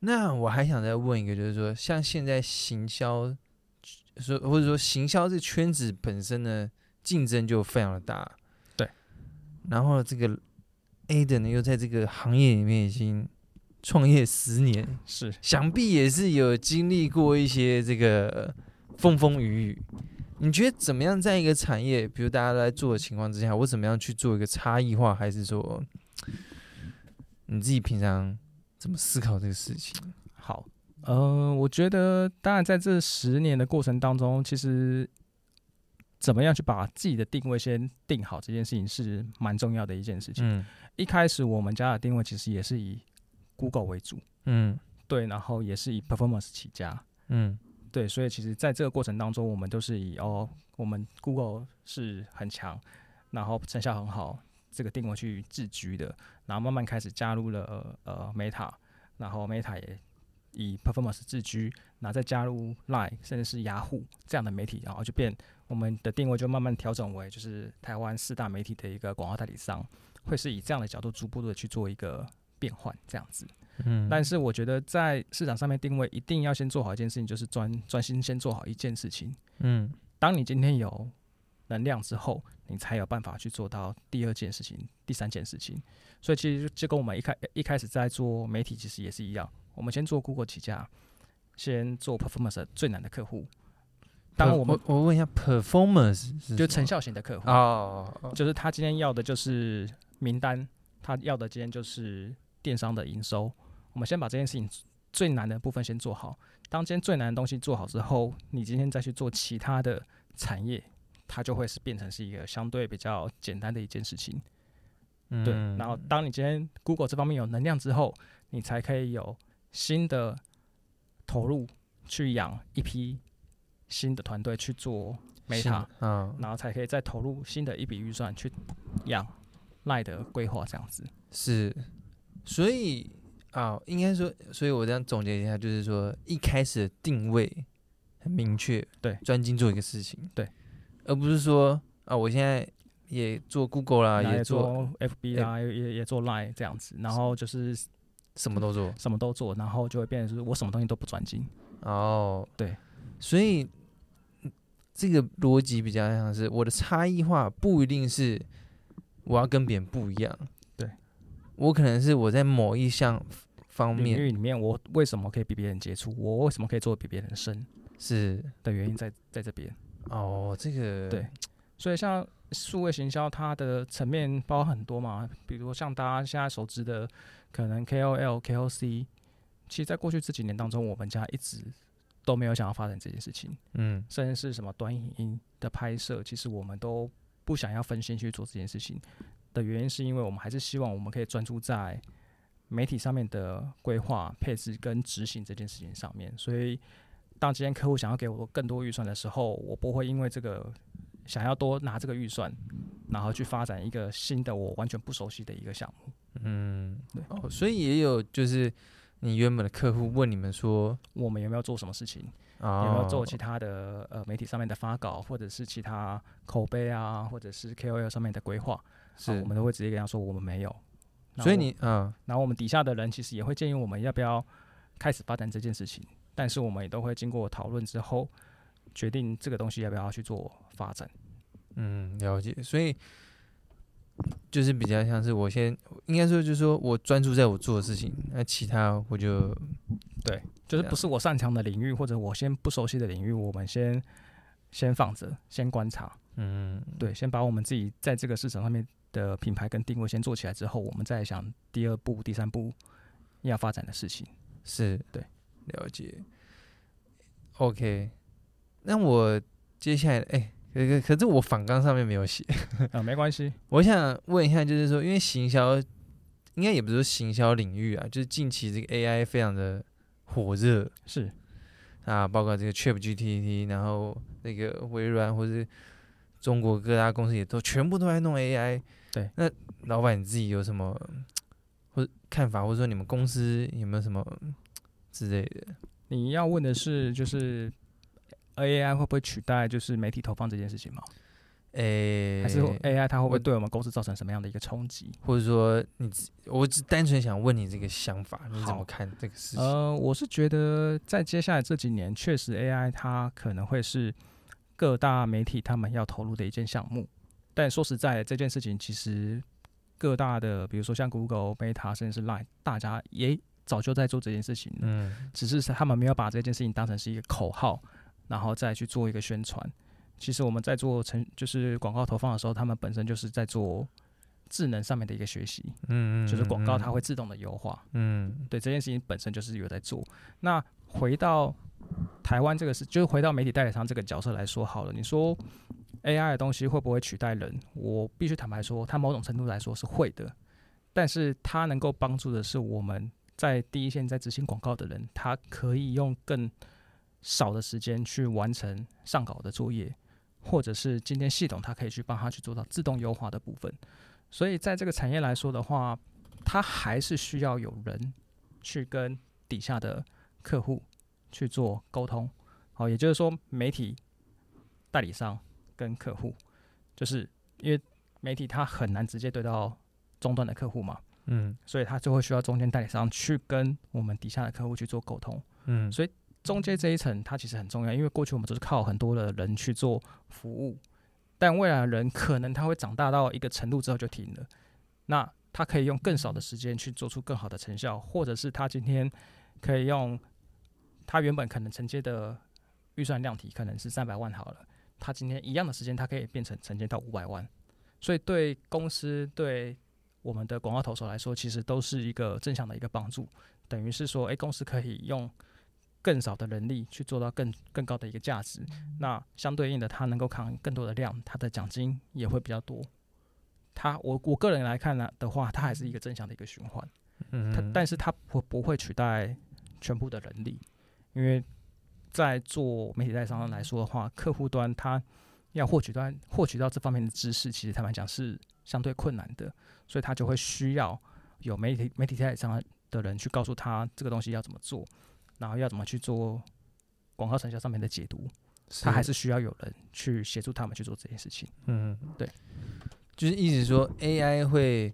那我還想再問一個，就是說，像現在行銷，說或者說行銷這圈子本身呢，競爭就非常的大。對。然後這個 Adam 呢，又在這個行業裡面已經創業十年，是想必也是有經歷過一些這個風風雨雨。你覺得怎麼樣？在一個產業，比如大家都在做的情況之下，我怎麼樣去做一個差異化，還是說？你自己平常怎麼思考這個事情？好，呃，我覺得，當然，在這十年的過程當中，其實怎麼樣去把自己的定位先定好，這件事情是蠻重要的一件事情。嗯。一開始我們家的定位其實也是以 Google 為主。嗯。對，然後也是以 Performance 起家。嗯。對，所以其實在這個過程當中，我們都是以哦，我們 Google 是很強，然後成效很好。這個定位去自居的。然後慢慢開始加入了呃、呃 Meta，然後 Meta 也以 performance 自居，那再加入 Line 甚至是 Yahoo 這樣的媒體，然後就變我們的定位就慢慢調整為就是台灣四大媒體的一個廣告代理商，會是以這樣的角度逐步的去做一個變換這樣子。嗯，但是我覺得在市場上面定位一定要先做好一件事情，就是專專心先做好一件事情。嗯，當你今天有。能量之後，你才有辦法去做到第二件事情、第三件事情。所以其實就跟我們一開一開始在做媒體，其實也是一樣。我們先做 Google 起家，先做 performance 的最難的客戶。當然我們我，我問一下，performance 是就成效型的客戶、oh, oh, oh, oh. 就是他今天要的就是名單，他要的今天就是電商的營收。我們先把這件事情最難的部分先做好。當今天最難的東西做好之後，你今天再去做其他的產業。它就會是變成是一個相對比較簡單的一件事情，嗯，對。然後當你今天 Google 這方面有能量之後，你才可以有新的投入去養一批新的團隊去做 Meta，嗯、哦，然後才可以再投入新的一筆預算去養 Line 的規劃這樣子。是，所以啊、哦，應該說，所以我這樣總結一下，就是說一開始的定位很明確，對，專精做一個事情，對。而不是說啊，我現在也做 Google 啦、啊，也做 FB 啦、啊，也也做 Line 這樣子，然後就是什麼都做，什麼都做，然後就會變成是我什麼東西都不專精。哦，對，所以這個邏輯比較像是我的差異化不一定是我要跟別人不一樣，對我可能是我在某一項方面領域裡面，我為什麼可以比別人接觸，我為什麼可以做的比別人深，是的原因在在這邊。哦，這個對，所以像數位行銷，它的層面包含很多嘛，比如像大家現在熟知的，可能 KOL、KOC，其實在過去這幾年當中，我們家一直都沒有想要發展這件事情。嗯，甚至是什麼短影音的拍攝，其實我們都不想要分心去做這件事情的原因，是因為我們還是希望我們可以專注在媒體上面的規劃、配置跟執行這件事情上面，所以，當今天客戶想要給我更多預算的時候，我不會因為這個想要多拿這個預算，然後去發展一個新的我完全不熟悉的一個項目。嗯，對。哦，所以也有就是你原本的客戶問你們說，我們有沒有做什麼事情？哦，有沒有做其他的呃媒體上面的發稿，或者是其他口碑啊，或者是 KOL 上面的規劃？是，我們都會直接跟他說我們沒有。所以你嗯，然後我們底下的人其實也會建議我們要不要開始發展這件事情。但是我們也都會經過討論之後，決定這個東西要不要去做發展。嗯，了解。所以就是比較像是我先，應該說就是說我專注在我做的事情，那其他我就對，就是不是我擅長的領域或者我先不熟悉的領域，我們先先放着，先觀察。嗯，對，先把我們自己在這個市場上面的品牌跟定位先做起來之後，我們再想第二步、第三步要發展的事情。是對。了解，OK，那我接下來，哎、欸，可可可是我訪綱上面沒有寫啊、 (laughs) 嗯，沒關係。我想問一下，就是說，因為行銷應該也不是說行銷領域啊，就是近期這個 AI 非常的火熱，是啊，包括這個 ChatGPT，然後那個微軟或是中國各大公司也都全部都在弄 AI。對，那老闆你自己有什麼或者看法，或者說你們公司有沒有什麼？之類的，你要問的是，就是 A I 會不會取代就是媒體投放這件事情嗎？欸，還是 A I 它會不會對我們公司造成什麼樣的一個衝擊？或者說你，你我只單純想問你這個想法，你怎麼看這個事情？呃，我是覺得在接下來這幾年，確實 A I 它可能會是各大媒體他們要投入的一件項目。但說實在，這件事情其實各大的，比如說像 Google、Meta，甚至是 Line，大家也。早就在做這件事情了，嗯，只是他們沒有把這件事情當成是一個口號，然後再去做一個宣傳。其實我們在做成就是廣告投放的時候，他們本身就是在做智能上面的一個學習，嗯嗯，就是廣告它會自動的優化，嗯，嗯，對，這件事情本身就是有在做。那回到台灣這個事，就是回到媒體代理商這個角色來說好了。你說 AI 的東西會不會取代人？我必須坦白說，它某種程度來說是會的，但是它能夠幫助的是我們。在第一線在執行廣告的人，他可以用更少的時間去完成上稿的作業，或者是今天系統，他可以去幫他去做到自動優化的部分。所以在這個產業來說的話，它還是需要有人去跟底下的客戶去做溝通。好，也就是說，媒體代理商跟客戶，就是因為媒體他很難直接對到終端的客戶嘛。嗯，所以他就會需要中間代理商去跟我們底下的客戶去做溝通。嗯，所以中間這一層它其實很重要，因為過去我們都是靠很多的人去做服務，但未來的人可能他會長大到一個程度之後就停了，那他可以用更少的時間去做出更好的成效，或者是他今天可以用他原本可能承接的預算量體可能是三百萬好了，他今天一樣的時間他可以變成承接到五百萬，所以對公司對。我們的廣告投手來說，其實都是一個正向的一個幫助，等於是說，誒、欸，公司可以用更少的人力去做到更更高的一個價值，嗯。那相對應的，他能夠扛更多的量，他的獎金也會比較多。他我我個人來看呢的話，它還是一個正向的一個循環。嗯嗯。但是它不不會取代全部的人力，因為在做媒體代理商來說的話，客戶端他要獲取端獲取到這方面的知識，其實坦白講是相對困難的。所以他就會需要有媒體媒體代理商的人去告訴他這個東西要怎麼做，然後要怎麼去做廣告成效上面的解讀，他還是需要有人去協助他們去做這件事情。嗯，對，就是意思說 AI 會，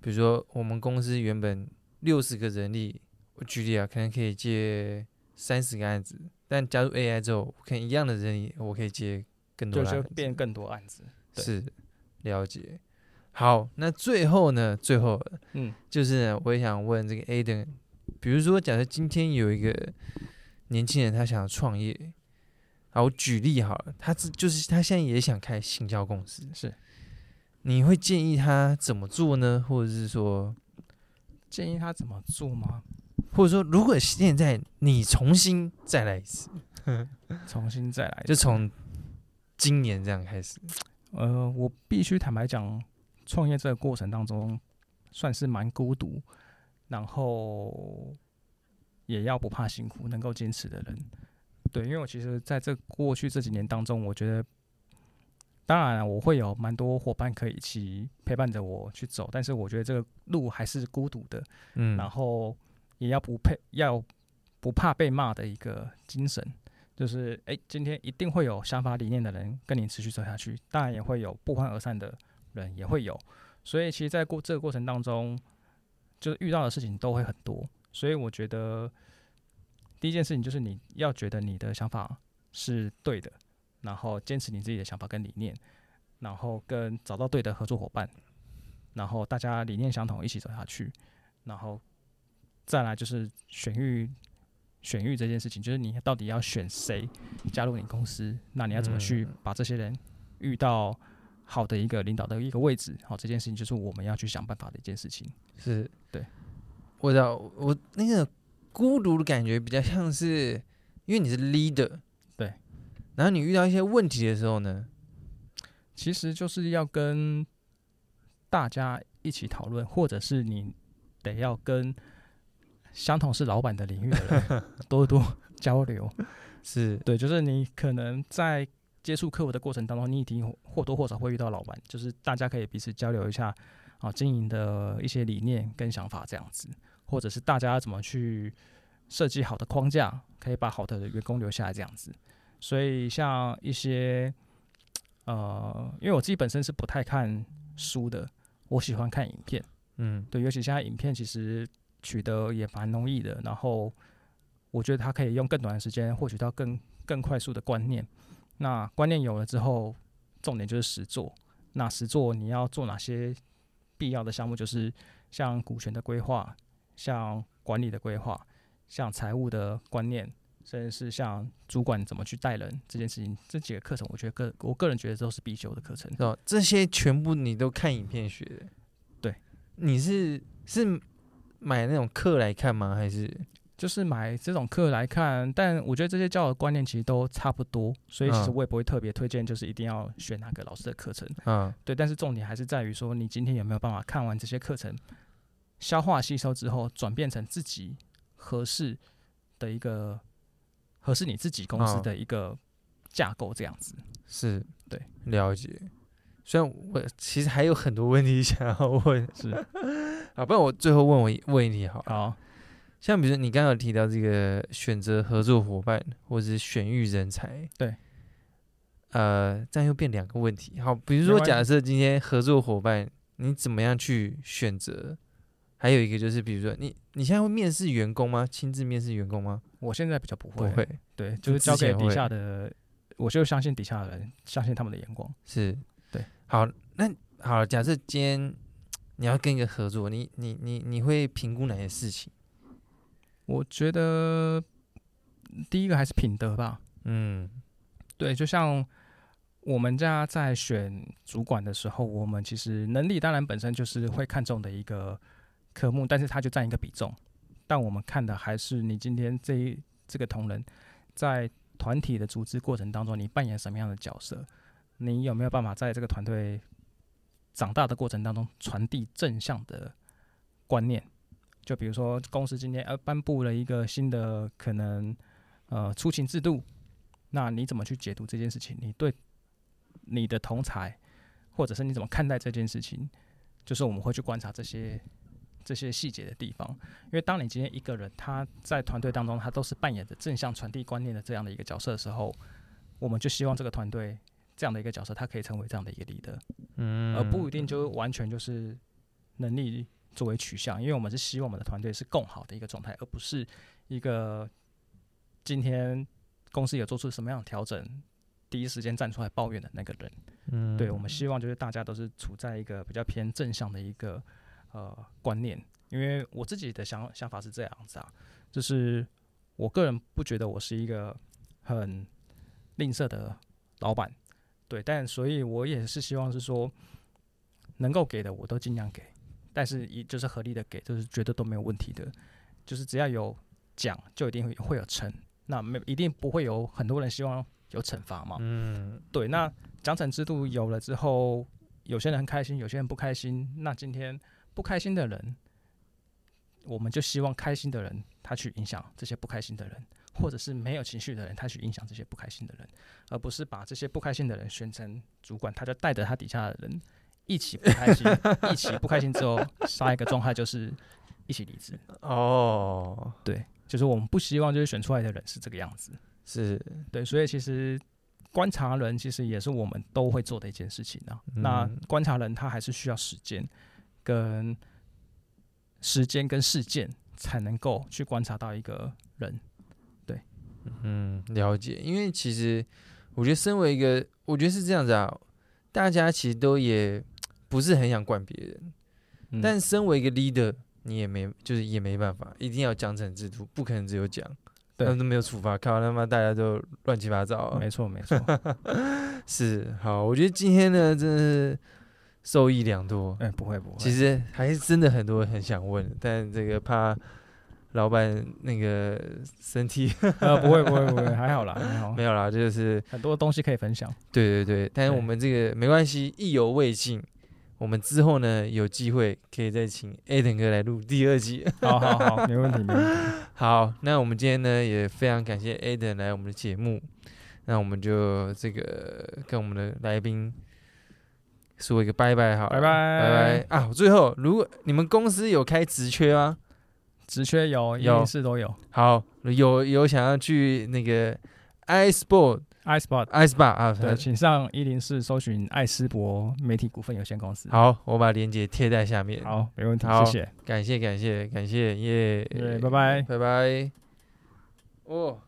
比如說我們公司原本六十個人力，我舉例啊，可能可以接三十個案子，但加入 AI 之後，可能一樣的人我可以接更多案子，就就變更多案子。是，了解。好，那最後呢？最後，嗯，就是我也想問這個 Adam，比如說，假設今天有一個年輕人，他想要創業，好，我舉例好了，他就是他現在也想開行銷公司，是，你會建議他怎麼做呢？或者是說，建議他怎麼做嗎？或者說，如果現在你重新再來一次， (laughs) 重新再來一次，就從今年這樣開始？呃，我必須坦白講。創業這個過程當中，算是蠻孤獨，然後也要不怕辛苦，能夠堅持的人。對，因為我其實在這過去這幾年當中，我覺得，當然、了，我會有蠻多夥伴可以一起陪伴着我去走，但是我覺得這個路還是孤獨的。嗯，然後也要不配、要不怕被罵的一個精神，就是誒、欸，今天一定會有想法、理念的人跟你持續走下去，當然也會有不歡而散的。人也會有，所以其實，在過這個過程當中，就是遇到的事情都會很多。所以我覺得，第一件事情就是你要覺得你的想法是對的，然後堅持你自己的想法跟理念，然後跟找到對的合作夥伴，然後大家理念相同，一起走下去。然後再來就是選育，選育這件事情，就是你到底要選誰加入你公司？那你要怎麼去把這些人遇到？好的一個領導的一個位置，好，哦，這件事情就是我們要去想辦法的一件事情。是對，我知道我那個孤獨的感覺比較像是，因為你是 leader，對，然後你遇到一些問題的時候呢，其實就是要跟大家一起討論，或者是你得要跟相同是老闆的領域的人 (laughs) 多多交流。是對，就是你可能在。接觸客戶的過程當中，你一定或多或少會遇到老闆，就是大家可以彼此交流一下啊，經營的一些理念跟想法這樣子，或者是大家怎麼去設計好的框架，可以把好的員工留下來這樣子。所以，像一些呃，因為我自己本身是不太看書的，我喜歡看影片，嗯，對，尤其現在影片其實取得也蠻容易的，然後我覺得它可以用更短的時間獲取到更更快速的觀念。那觀念有了之後，重點就是實作。那實作你要做哪些必要的項目？就是像股權的規劃，像管理的規劃，像財務的觀念，甚至是像主管怎麼去帶人這件事情，這幾個課程我覺得個我個人覺得都是必修的課程。哦，這些全部你都看影片學的？對，你是是買那種課來看嗎？還是？就是買這種課來看，但我覺得這些教的觀念其實都差不多，所以其實我也不會特別推薦、嗯，就是一定要選哪個老師的課程。嗯，對。但是重點還是在於說，你今天有沒有辦法看完這些課程，消化吸收之後，轉變成自己合適的一個，合適你自己公司的一個架構這樣子、嗯嗯。是，對，了解。雖然我其實還有很多問題想要問，是， (laughs) 好，不然我最後問我問，問你好了。好。像比如說，你剛剛有提到這個選擇合作夥伴或者是選育人才，對，呃，這樣又變兩個問題。好，比如說假設今天合作夥伴，你怎麼樣去選擇？還有一個就是，比如說你你現在會面試員工嗎？親自面試員工嗎？我現在比較不會，不會，對，就是交給底下的，我就相信底下的人，相信他們的眼光。是，對。好，那好，假設今天你要跟一個合作，你你你你，你會評估哪些事情？我覺得第一個還是品德吧。嗯，對，就像我們家在選主管的時候，我們其實能力當然本身就是會看重的一個科目，但是它就佔一個比重。但我們看的還是你今天這一這個同仁在團體的組織過程當中，你扮演什麼樣的角色？你有沒有辦法在這個團隊長大的過程當中傳遞正向的觀念。就比如說，公司今天呃頒布了一個新的可能呃出勤制度，那你怎麼去解讀這件事情？你對你的同儕，或者是你怎麼看待這件事情？就是我們會去觀察這些這些細節的地方。因為當你今天一個人他在團隊當中，他都是扮演着正向傳遞觀念的這樣的一個角色的時候，我們就希望這個團隊這樣的一個角色，他可以成為這樣的一個 leader，嗯，而不一定就完全就是能力作為取向，因為我們是希望我們的團隊是更好的一個狀態，而不是一個今天公司有做出什麼樣調整，第一時間站出來抱怨的那個人。嗯，對，我們希望就是大家都是處在一個比較偏正向的一個呃觀念。因為我自己的想想法是這樣子啊，就是我個人不覺得我是一個很吝嗇的老闆，對，但所以我也是希望是說能夠給的我都盡量給。但是，一就是合理的給，就是絕對都沒有問題的，就是只要有獎，就一定會有懲，那沒一定不會有很多人希望有懲罰嘛。嗯，對。那獎懲制度有了之後，有些人很開心，有些人不開心。那今天不開心的人，我們就希望開心的人他去影響這些不開心的人，或者是沒有情緒的人他去影響這些不開心的人，而不是把這些不開心的人選成主管，他就帶着他底下的人一起不開心，一起不開心之後，下 (laughs) 一個狀態就是一起離職哦。Oh. 對，就是我們不希望就是選出來的人是這個樣子。是，對。所以其實觀察人，其實也是我們都會做的一件事情啊。嗯、那觀察人，他還是需要時間跟時間跟事件才能夠去觀察到一個人。對，嗯，了解。因為其實我覺得，身為一個，我覺得是這樣子啊。大家其實都也，不是很想管別人、嗯，但身為一個 leader，你也沒就是也沒辦法，一定要獎懲制度，不可能只有獎，那都沒有處罰，靠他媽大家都亂七八糟。沒錯沒錯， (laughs) 是好，我覺得今天呢真的是受益良多。哎、欸、不會不會，其實還是真的很多人很想問，但這個怕老板那個身體啊、 (laughs) 呃、不會不會不會，還好啦，還好沒有啦，就是很多東西可以分享。對對對，但是我們這個沒關係，意、欸、猶未盡。我們之後呢有機會可以再請 Adam 哥來錄第二季。好好好， (laughs) 沒問題沒問題。好，那我們今天呢也非常感謝 Adam 來我們的節目。那我們就這個跟我們的來賓說一個拜拜，好，好，拜拜拜拜啊！最後，如果你們公司有開職缺嗎？職缺有，有，是都有。好，有有想要去那個 iSPOT。艾斯博，艾斯博啊，請上一零四搜尋艾斯博媒體股份有限公司。好，我把鏈接貼在下面。好，沒問題。好，謝謝，感謝，感謝，感謝，耶！對，拜拜，拜拜。哦。